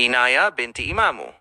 Inaya binti Imamu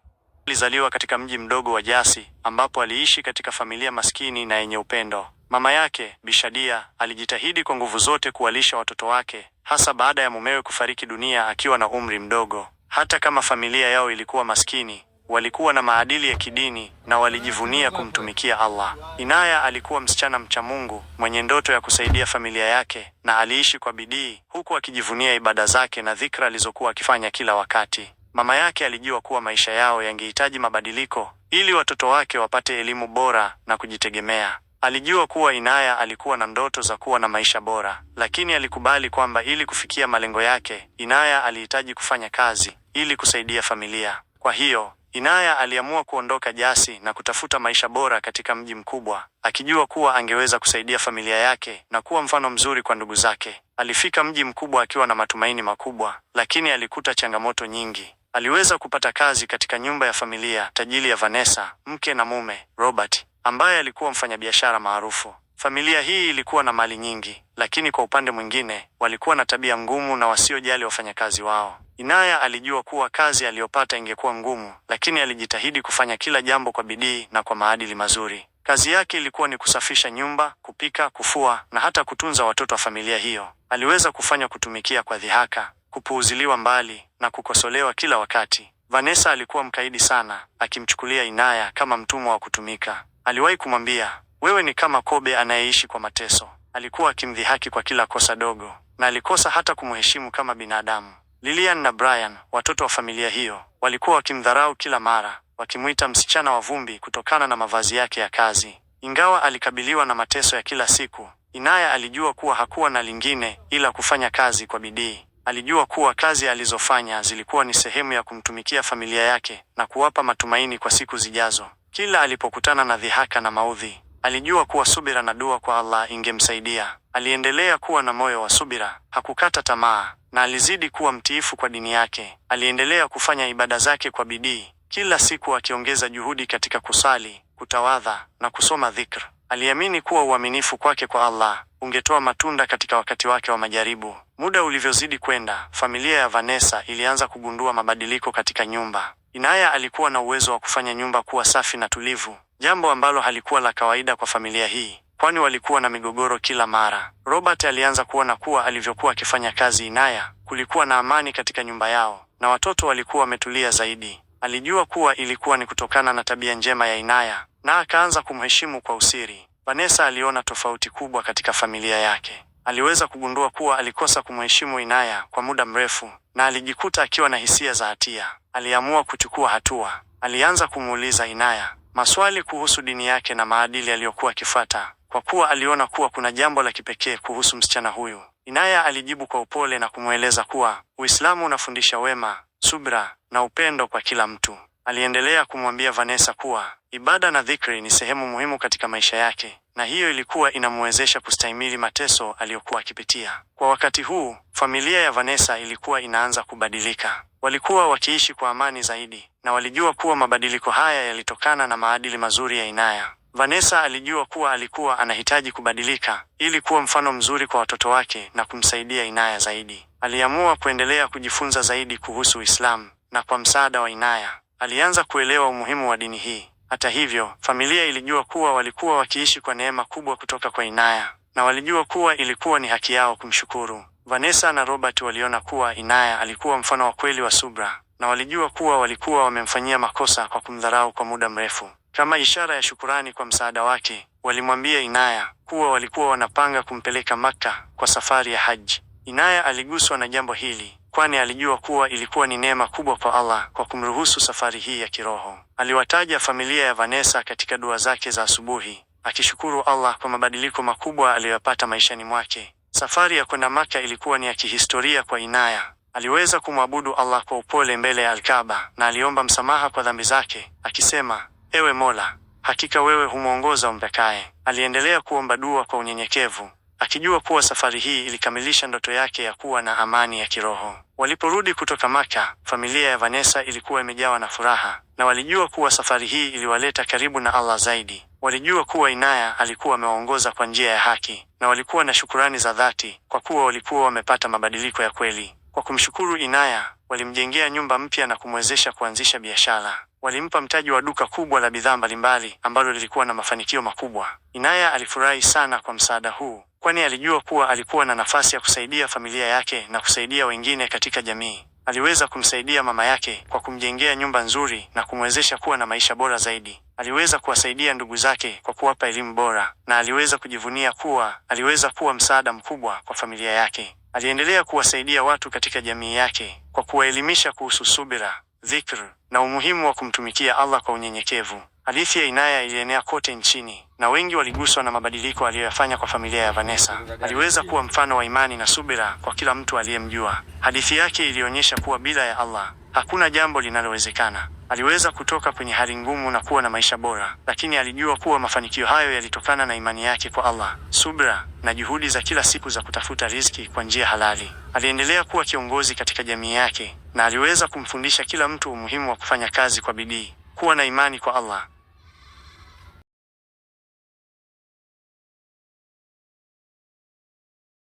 alizaliwa katika mji mdogo wa Jasi ambapo aliishi katika familia maskini na yenye upendo. Mama yake Bishadia alijitahidi kwa nguvu zote kuwalisha watoto wake, hasa baada ya mumewe kufariki dunia akiwa na umri mdogo. Hata kama familia yao ilikuwa maskini, walikuwa na maadili ya kidini na walijivunia kumtumikia Allah. Inaya alikuwa msichana mcha Mungu mwenye ndoto ya kusaidia familia yake, na aliishi kwa bidii huku akijivunia ibada zake na dhikra alizokuwa akifanya kila wakati. Mama yake alijua kuwa maisha yao yangehitaji mabadiliko ili watoto wake wapate elimu bora na kujitegemea. Alijua kuwa Inaya alikuwa na ndoto za kuwa na maisha bora, lakini alikubali kwamba ili kufikia malengo yake, Inaya alihitaji kufanya kazi ili kusaidia familia. Kwa hiyo, Inaya aliamua kuondoka Jasi na kutafuta maisha bora katika mji mkubwa, akijua kuwa angeweza kusaidia familia yake na kuwa mfano mzuri kwa ndugu zake. Alifika mji mkubwa akiwa na matumaini makubwa, lakini alikuta changamoto nyingi. Aliweza kupata kazi katika nyumba ya familia tajiri ya Vanessa, mke na mume Robert, ambaye alikuwa mfanyabiashara maarufu. Familia hii ilikuwa na mali nyingi, lakini kwa upande mwingine walikuwa na tabia ngumu na wasiojali wafanyakazi wao. Inaya alijua kuwa kazi aliyopata ingekuwa ngumu, lakini alijitahidi kufanya kila jambo kwa bidii na kwa maadili mazuri. Kazi yake ilikuwa ni kusafisha nyumba, kupika, kufua na hata kutunza watoto wa familia hiyo. Aliweza kufanya kutumikia kwa dhihaka kupuuziliwa mbali na kukosolewa kila wakati. Vanessa alikuwa mkaidi sana, akimchukulia Inaya kama mtumwa wa kutumika. Aliwahi kumwambia, wewe ni kama kobe anayeishi kwa mateso. Alikuwa akimdhihaki kwa kila kosa dogo, na alikosa hata kumheshimu kama binadamu. Lilian na Brian, watoto wa familia hiyo, walikuwa wakimdharau kila mara, wakimwita msichana wa vumbi kutokana na mavazi yake ya kazi. Ingawa alikabiliwa na mateso ya kila siku, Inaya alijua kuwa hakuwa na lingine ila kufanya kazi kwa bidii alijua kuwa kazi alizofanya zilikuwa ni sehemu ya kumtumikia familia yake na kuwapa matumaini kwa siku zijazo. Kila alipokutana na dhihaka na maudhi, alijua kuwa subira na dua kwa Allah ingemsaidia. Aliendelea kuwa na moyo wa subira, hakukata tamaa na alizidi kuwa mtiifu kwa dini yake. Aliendelea kufanya ibada zake kwa bidii, kila siku akiongeza juhudi katika kusali, kutawadha na kusoma dhikr. Aliamini kuwa uaminifu kwake kwa Allah ungetoa matunda katika wakati wake wa majaribu. Muda ulivyozidi kwenda, familia ya Vanessa ilianza kugundua mabadiliko katika nyumba. Inaya alikuwa na uwezo wa kufanya nyumba kuwa safi na tulivu, jambo ambalo halikuwa la kawaida kwa familia hii, kwani walikuwa na migogoro kila mara. Robert alianza kuona kuwa alivyokuwa akifanya kazi Inaya, kulikuwa na amani katika nyumba yao na watoto walikuwa wametulia zaidi. Alijua kuwa ilikuwa ni kutokana na tabia njema ya Inaya na akaanza kumheshimu kwa usiri. Vanessa aliona tofauti kubwa katika familia yake. Aliweza kugundua kuwa alikosa kumheshimu Inaya kwa muda mrefu na alijikuta akiwa na hisia za hatia. Aliamua kuchukua hatua. Alianza kumuuliza Inaya maswali kuhusu dini yake na maadili aliyokuwa akifuata, kwa kuwa aliona kuwa kuna jambo la kipekee kuhusu msichana huyu. Inaya alijibu kwa upole na kumweleza kuwa Uislamu unafundisha wema subra na upendo kwa kila mtu. Aliendelea kumwambia Vanessa kuwa ibada na dhikri ni sehemu muhimu katika maisha yake na hiyo ilikuwa inamwezesha kustahimili mateso aliyokuwa akipitia. Kwa wakati huu, familia ya Vanessa ilikuwa inaanza kubadilika. Walikuwa wakiishi kwa amani zaidi na walijua kuwa mabadiliko haya yalitokana na maadili mazuri ya Inaya. Vanessa alijua kuwa alikuwa anahitaji kubadilika ili kuwa mfano mzuri kwa watoto wake na kumsaidia Inaya zaidi. Aliamua kuendelea kujifunza zaidi kuhusu Uislamu na kwa msaada wa Inaya alianza kuelewa umuhimu wa dini hii. Hata hivyo, familia ilijua kuwa walikuwa wakiishi kwa neema kubwa kutoka kwa Inaya na walijua kuwa ilikuwa ni haki yao kumshukuru. Vanessa na Robert waliona kuwa Inaya alikuwa mfano wa kweli wa subra na walijua kuwa walikuwa wamemfanyia makosa kwa kumdharau kwa muda mrefu. Kama ishara ya shukurani kwa msaada wake, walimwambia Inaya kuwa walikuwa wanapanga kumpeleka Makka kwa safari ya haji. Inaya aliguswa na jambo hili kwani alijua kuwa ilikuwa ni neema kubwa kwa Allah kwa kumruhusu safari hii ya kiroho. Aliwataja familia ya Vanessa katika dua zake za asubuhi, akishukuru Allah kwa mabadiliko makubwa aliyoyapata maishani mwake. Safari ya kwenda Maka ilikuwa ni ya kihistoria kwa Inaya. Aliweza kumwabudu Allah kwa upole mbele ya Alkaba na aliomba msamaha kwa dhambi zake akisema Ewe Mola, hakika wewe humwongoza umtakaye. Aliendelea kuomba dua kwa unyenyekevu, akijua kuwa safari hii ilikamilisha ndoto yake ya kuwa na amani ya kiroho. Waliporudi kutoka Maka, familia ya Vanessa ilikuwa imejawa na furaha, na walijua kuwa safari hii iliwaleta karibu na Allah zaidi. Walijua kuwa Inaya alikuwa amewaongoza kwa njia ya haki, na walikuwa na shukurani za dhati kwa kuwa walikuwa wamepata mabadiliko ya kweli. Kwa kumshukuru Inaya, walimjengea nyumba mpya na kumwezesha kuanzisha biashara. Walimpa mtaji wa duka kubwa la bidhaa mbalimbali ambalo lilikuwa na mafanikio makubwa. Inaya alifurahi sana kwa msaada huu, kwani alijua kuwa alikuwa na nafasi ya kusaidia familia yake na kusaidia wengine katika jamii. Aliweza kumsaidia mama yake kwa kumjengea nyumba nzuri na kumwezesha kuwa na maisha bora zaidi. Aliweza kuwasaidia ndugu zake kwa kuwapa elimu bora na aliweza kujivunia kuwa aliweza kuwa msaada mkubwa kwa familia yake. Aliendelea kuwasaidia watu katika jamii yake kwa kuwaelimisha kuhusu subira dhikr na umuhimu wa kumtumikia Allah kwa unyenyekevu. Hadithi ya Inaya ilienea kote nchini na wengi waliguswa na mabadiliko aliyoyafanya kwa familia ya Vanessa. Aliweza kuwa mfano wa imani na subira kwa kila mtu aliyemjua. Hadithi yake ilionyesha kuwa bila ya Allah Hakuna jambo linalowezekana. Aliweza kutoka kwenye hali ngumu na kuwa na maisha bora, lakini alijua kuwa mafanikio hayo yalitokana na imani yake kwa Allah, subra na juhudi za kila siku za kutafuta riziki kwa njia halali. Aliendelea kuwa kiongozi katika jamii yake na aliweza kumfundisha kila mtu umuhimu wa kufanya kazi kwa bidii, kuwa na imani kwa Allah.